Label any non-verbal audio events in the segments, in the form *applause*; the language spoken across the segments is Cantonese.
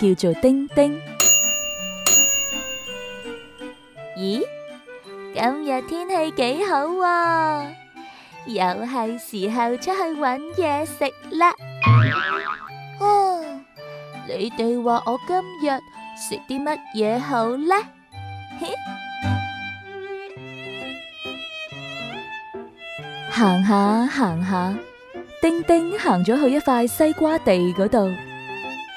叫做丁丁。咦，今日天氣幾好啊，又係時候出去揾嘢食啦。哦，你哋話我今日食啲乜嘢好呢？ *laughs* 行下行下，丁丁行咗去一塊西瓜地嗰度。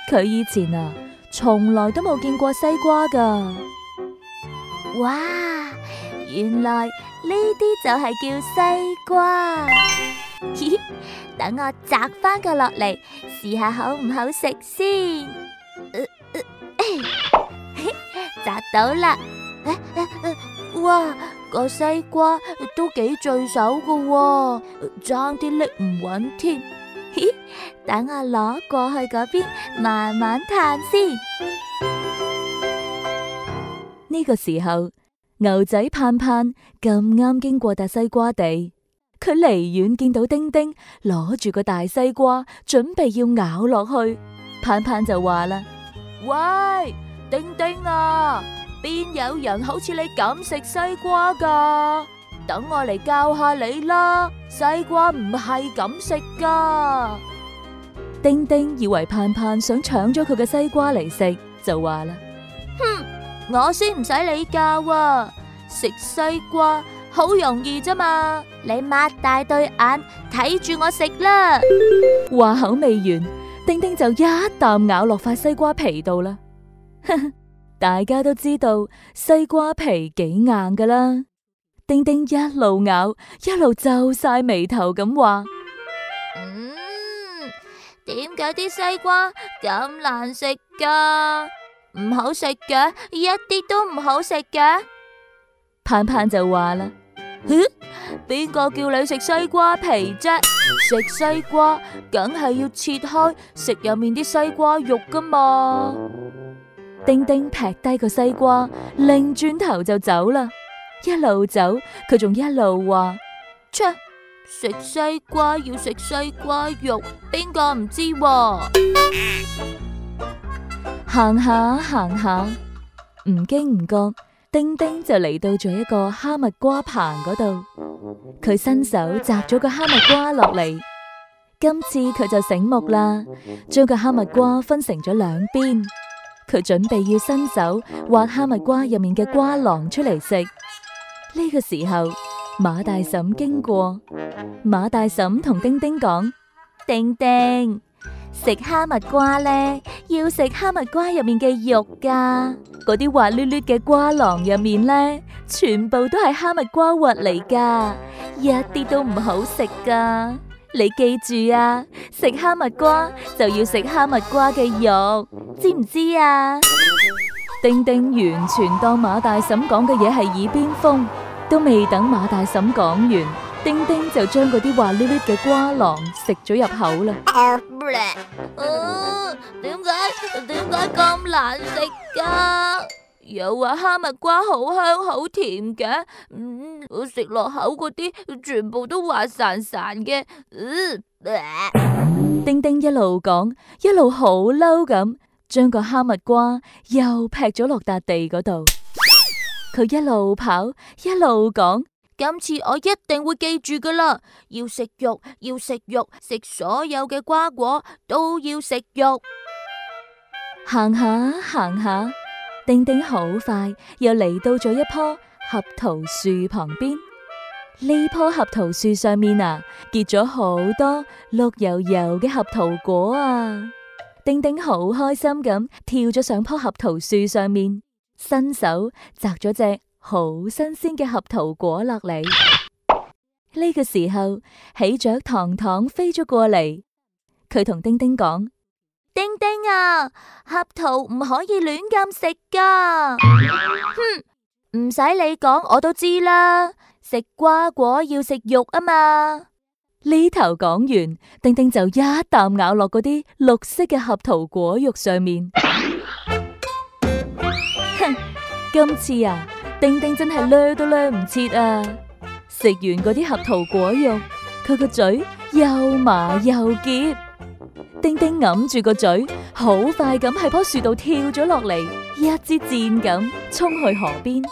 佢以前啊，從來都冇見過西瓜噶。哇，原來呢啲就係叫西瓜。 *laughs* 等我摘翻個落嚟，試下好唔好食先。 *laughs* 摘到啦，啊啊啊！哇，個西瓜都幾墜手噶，爭啲拎唔穩添。等 *noise* 我攞過去嗰邊慢慢嘆先。呢個時候，牛仔盼盼咁啱經過大西瓜地，佢離遠見到丁丁攞住個大西瓜，準備要咬落去。盼盼就話啦：喂，丁丁啊，邊有人好似你咁食西瓜噶？等我嚟教下你啦，西瓜唔係咁食噶。丁丁以為盼盼想搶咗佢嘅西瓜嚟食，就話啦：哼，我先唔使你教啊！食西瓜好容易啫嘛，你擘大對眼睇住我食啦。話口未完，丁丁就一啖咬落塊西瓜皮度啦。 *laughs* 大家都知道西瓜皮幾硬噶啦。丁丁一路咬，一路皺晒眉頭咁話：嗯，點解啲西瓜咁難食噶？唔好食嘅，一啲都唔好食嘅。盼盼就話啦：哼，邊個叫你食西瓜皮啫？食西瓜梗係要切開食入面啲西瓜肉噶嘛。丁丁丁劈低個西瓜，擰轉頭就走啦。一路走，佢仲一路話：，切，食西瓜要食西瓜肉，邊個唔知啊？行下行下，唔經唔覺，丁丁就嚟到咗一個哈密瓜棚嗰度。佢伸手摘咗個哈密瓜落嚟，今次佢就醒目啦，將個哈密瓜分成咗兩邊。佢準備要伸手挖哈密瓜入面嘅瓜瓤出嚟食。呢個時候，馬大嬸經過，馬大嬸同丁丁講：，丁丁食哈密瓜呢？要食哈密瓜入面嘅肉噶、啊，嗰啲滑溜溜嘅瓜囊入面呢，全部都係哈密瓜核嚟噶，一啲都唔好食噶。你記住啊，食哈密瓜就要食哈密瓜嘅肉，知唔知啊？丁丁完全當馬大嬸講嘅嘢係耳邊風，都未等馬大嬸講完，丁丁就將嗰啲滑溜溜嘅瓜瓤食咗入口啦。點解點解咁難食㗎、啊？又話哈密瓜好香好甜嘅，嗯、我食落口嗰啲全部都滑潺潺嘅。嗯呃、丁丁一路講，一路好嬲咁。將個哈密瓜又劈咗落笪地嗰度，佢 *coughs* 一路跑，一路講：今次我一定會記住㗎喇，要食肉，要食肉，食所有嘅瓜果都要食肉。行下行下，丁丁好快又嚟到咗一棵合桃樹旁邊，呢棵合桃樹上面啊結咗好多綠油油嘅合桃果啊！丁丁好開心咁跳咗上棵合桃樹上面，伸手摘咗隻好新鮮嘅合桃果落嚟。呢 *laughs* 個時候，喜鵲糖糖飛咗過嚟，佢同丁丁講：丁丁啊，合桃唔可以亂咁食噶。 *laughs* 哼，唔使你講，我都知啦，食瓜果要食肉啊嘛。呢頭講完，丁丁就一啖咬落嗰啲綠色嘅合桃果肉上面。哼， *laughs* *laughs* 今次啊，丁丁真係掠都掠唔切啊！食完嗰啲合桃果肉，佢個嘴又麻又澀。丁丁揞住個嘴，好快咁喺棵樹度跳咗落嚟，一支箭咁衝去河邊。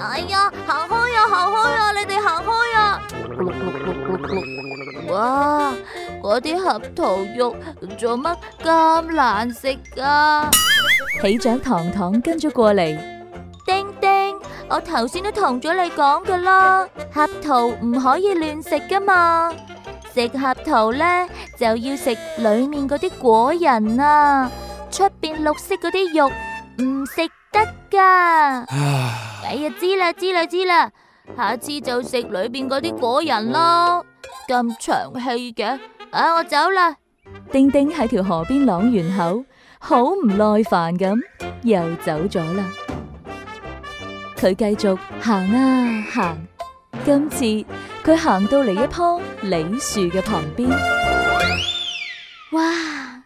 哎呀，行開啊，行開啊，你哋行開啊！ *laughs* 哇！嗰啲核桃肉做乜咁難食噶、啊？起長糖糖跟咗過嚟，叮叮，我頭先都同咗你講噶啦，核桃唔可以亂食噶嘛，食核桃呢就要食裏面嗰啲果仁啊，出邊綠色嗰啲肉唔食得噶。啊、哎呀，知啦知啦知啦，下次就食裏邊嗰啲果仁咯。咁長氣嘅，啊！我走啦。丁丁喺條河邊晾完口，好唔耐煩咁，又走咗啦。佢繼續行啊行，今次佢行到嚟一棵梨樹嘅旁邊。哇！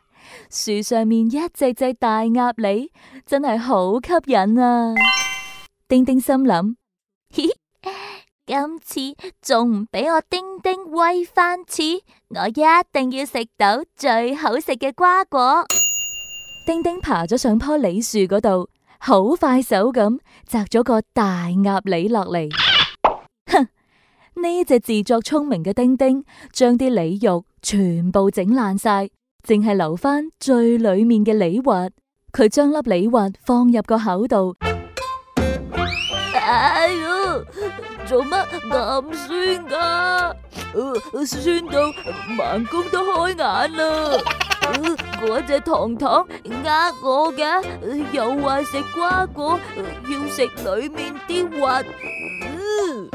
樹上面一隻隻大鴨梨，真係好吸引啊！丁丁心諗。今次仲唔俾我丁丁喂翻次？我一定要食到最好食嘅瓜果。丁丁爬咗上棵梨樹嗰度，好快手咁摘咗個大鴨梨落嚟。 *laughs* 哼！呢隻自作聰明嘅丁丁，將啲梨肉全部整爛晒，淨係留翻最裏面嘅梨核。佢將粒梨核放入個口度。哎喲！做乜咁酸噶？誒，酸到盲公都開眼啦！嗰隻糖糖呃我嘅，又話食瓜果要食裏面啲核，嗯，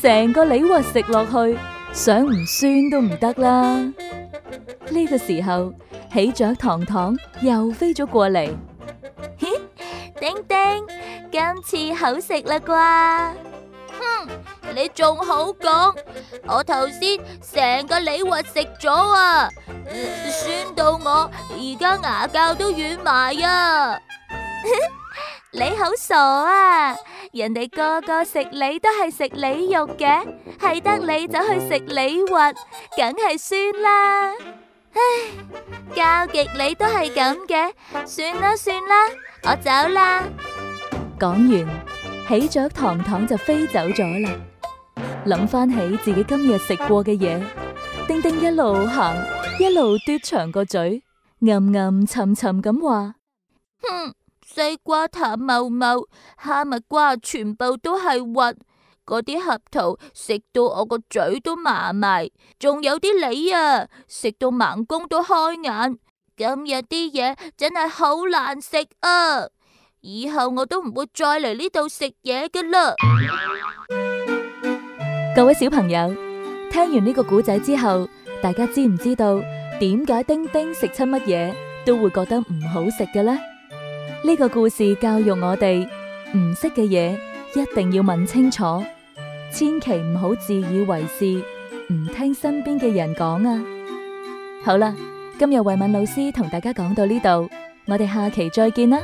成個梨核食落去，想唔酸都唔得啦！呢個時候，喜鵲糖糖又飛咗過嚟。今次好食啦啩！哼、嗯，你仲好講，我頭先成個李核食咗啊、嗯，酸到我而家牙較都軟埋啊！ *laughs* 你好傻啊！人哋個個食李都係食李肉嘅，係得你走去食李核，梗係酸啦。唉，教極你都係咁嘅，算啦算啦，我走啦。講完，喜鵲糖糖就飛走咗啦。諗翻起自己今日食過嘅嘢，丁丁一路行，一路嘟長個嘴，暗暗沉沉咁話：哼，西瓜淡茂茂，哈密瓜全部都係核，嗰啲核桃食到我個嘴都麻埋，仲有啲梨啊，食到盲公都開眼。今日啲嘢真係好難食啊！以後我都唔會再嚟呢度食嘢嘅啦。各位小朋友，聽完呢個故仔之後，大家知唔知道點解丁丁食親乜嘢都會覺得唔好食嘅呢？呢、呢個故事教育我哋，唔識嘅嘢一定要問清楚，千祈唔好自以為是，唔聽身邊嘅人講啊！好啦，今日慧敏老師同大家講到呢度，我哋下期再見啦。